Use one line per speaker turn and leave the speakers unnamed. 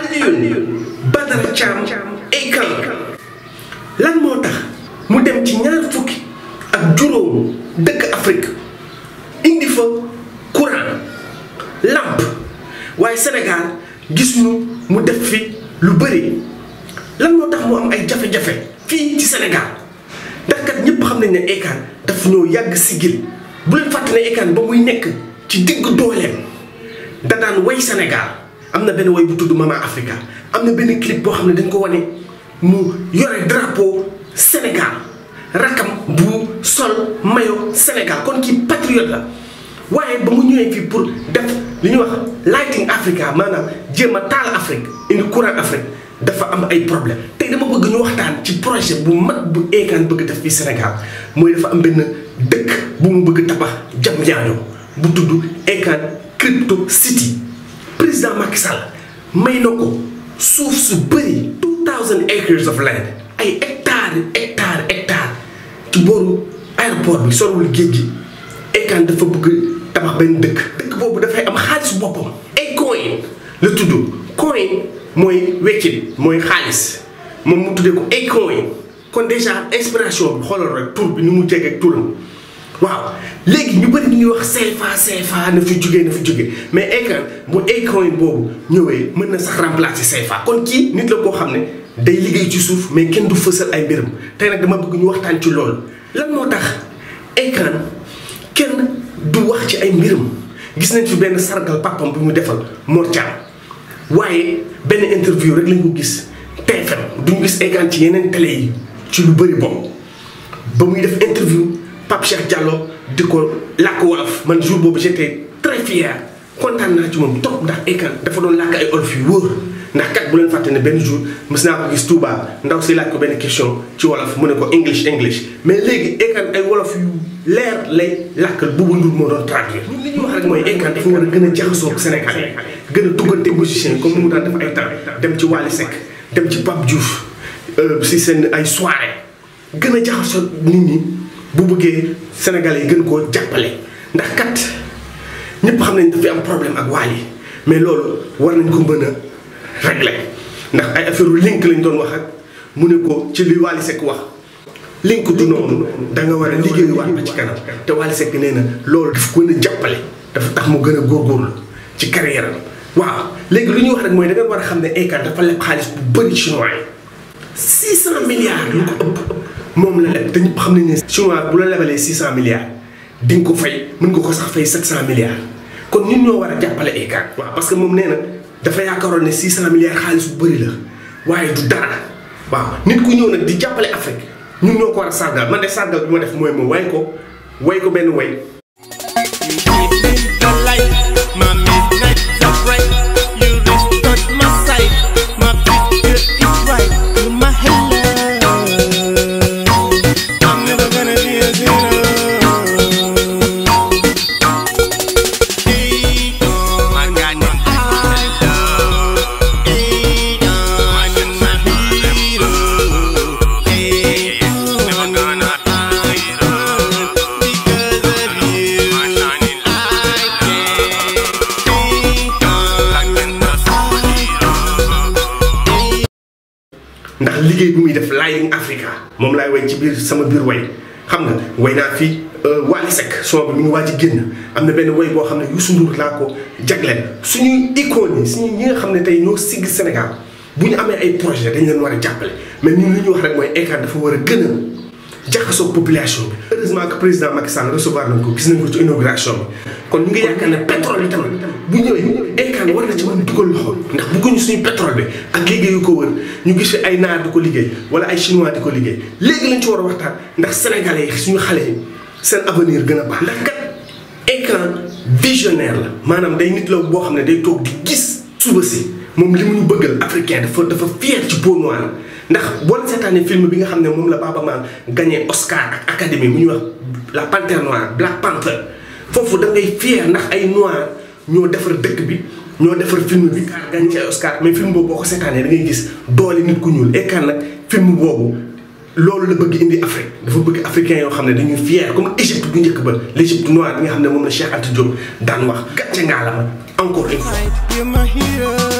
Alioune Badara Thiam ay kan lan moo tax mu dem ci ñaar fukki ak juróom dëkk Afrique indi fa courant lampe waaye senegal gis ñu mu def fi lu bëri lan moo tax mu am ay jafe-jafe fii ci Sénégal ndax kat ñëpp xam nañ ne Akon daf ñoo yàgg sigil bu leen fàtte ne Akon ba muy nekk ci digg dooleem da daan way Sénégal. am na benn woy bu tudd Mama Africa am na benn clip boo xam ne dañ ko wane mu yore drapeau Sénégal rakam bu sol maillot Sénégal kon kii patriote la waaye ba mu ñëwee fii pour def li ñuy wax lighting Africa maanaam jéem a taal Afrique indi courant Afrique dafa am ay problème tey dama bëgg ñu waxtaan ci projet bu mag bu Akon bëgg def fii Sénégal mooy dafa am benn dëkk bu mu bëgg tabax jam ñaañoo bu tudd Akon Crypto City président Macky Sall may na ko suuf su bëri two thousand acres of land ay hectares hectares hectares ci booru aéroport bi sorwul géej gi Akon dafa bugg tabax benn dëkk dëkk boobu dafay am xaalis boppam ay coin la tudd coin mooy weccit mooy xaalis moom mu tuddee ko ay coin kon déjà inspiration bi xoolal rek tur bi ni mu jege ak waaw léegi ñu bëri ñuy wax CFA CFA na fi jógee na fi jógee mais Akon bu Akon boobu ñëwee mën na sax remplacer CFA. kon kii nit la koo xam ne day liggéey ci suuf mais kenn du fësal ay mbiram tey nag dama bëgg ñu waxtaan ci loolu lan moo tax Akon kenn du wax ci ay mbiram gis nañ fi benn sargal papam bi muy defal Mor Thiam waaye benn interview rek lañ ko gis TFM duñu gis Akon ci yeneen télé yi ci lu bëri bon ba muy def interview. Pape Cheikh Diallo di ko làkk wolof man jour boobu j'étais très fier kontaan naa ci moom topp ndax école dafa doon làkk ay olof yu wóor ndax kat bu leen fàtte ne benn jour mës naa ko gis Touba ndaw si laaj ko benn question ci wolof mu ne ko English English mais léegi école ay wolof yu leer lay làkkal boobu Ndour moo doon traduire. li ñu rek mooy école dafa war a gën a jaxasoo Sénégal yi gën a duggante musicien comme mu daan def ay temps dem ci Wally Seck dem ci Pape Diouf euh, si seen ay soirée gën a jaxasoo nit ñi. bu bëggee Sénégalais yi gën koo jàppale ndax kat ñëpp xam nañ dafay am problème ak Wally mais loolu war nañ ko mën a régler ndax ay affaire link lañ doon wax ak mu ne ko ci li Wally Seck wax link du noonu da nga war a liggéeyuwaat ba ci kanam te Wally Seck nee na loolu daf ko gën a dafa tax mu gën a góorgóorlu ci carrière waaw léegi lu ñuy wax rek mooy da war a xam ne ACAR dafa leb xaalis bu bëri chinois yi 600 milliards yu ko moom la leb te xam nañ ne chinois bu la lebalee six cent milliards di nga ko fay mën nga ko sax fay sept cent milliards kon ñun ñoo war a jàppale ECAD waaw parce que moom nee na dafa yaakaaroon ne six cent milliards xaalis bu bëri la waaye du dara waaw nit ku ñëw nag di jàppale Afrique ñun ñoo ko war a sargal man ne sargal bi ma def mooy ma way ko way ko benn way ndax liggéey bi muy def Lighting Africa moom laay way ci biir sama biir way xam nga way naa fi euh, Wally Seck soo bi mi ngi waaj génn am na benn way boo xam ne Youssou Ndour laa ko jagleel suñuy su yi suñu ñi nga xam ne tey ñoo sigg Sénégal bu ñu amee ay projet dañ leen war a jàppale mais ñun li ñu wax rek mooy Acad dafa war a gën a jaxasoo population bi président Macky Sall recevoir nañ ko gis nañ ko ci kon ñu ngi yaakaar ne pétrole bi tamit bu ñëwee Acad war na ci mën dugal loxo ndax bëgguñu suñu pétrole bi ak liggéey yu ko wër ñu gis fi ay naar di ko liggéey wala ay chinois di ko liggéey léegi lañ ci war a waxtaan ndax sénégalais yi suñu xale yi seen avenir gën a baax. ndax kat écran visionnaire la maanaam day nit la boo xam ne day toog di gis suba si moom li mu ñu bëggal africain dafa dafa fier ci peau noire ndax boo leen seetaanee film bi nga xam ne moom la Baaba Maal gagné Oscar ak académie bu ñu wax la Panthère noire Black Panther foofu da ngay fier ndax ay noir. ñoo defar dëkk bi ñoo defar film bi gàncax ay Oscar mais film boobu boo ko seetaanee da ngay gis doole nit ku ñuul Ekkan nag film boobu loolu la bëgg indi Afrique dafa bëgg africain yoo xam ne dañuy fier comme Égypte bu njëkk ba l' Égypte noire xam ne moom la Cheikh Anta Diop daan wax gàncax ngaa la ma encore une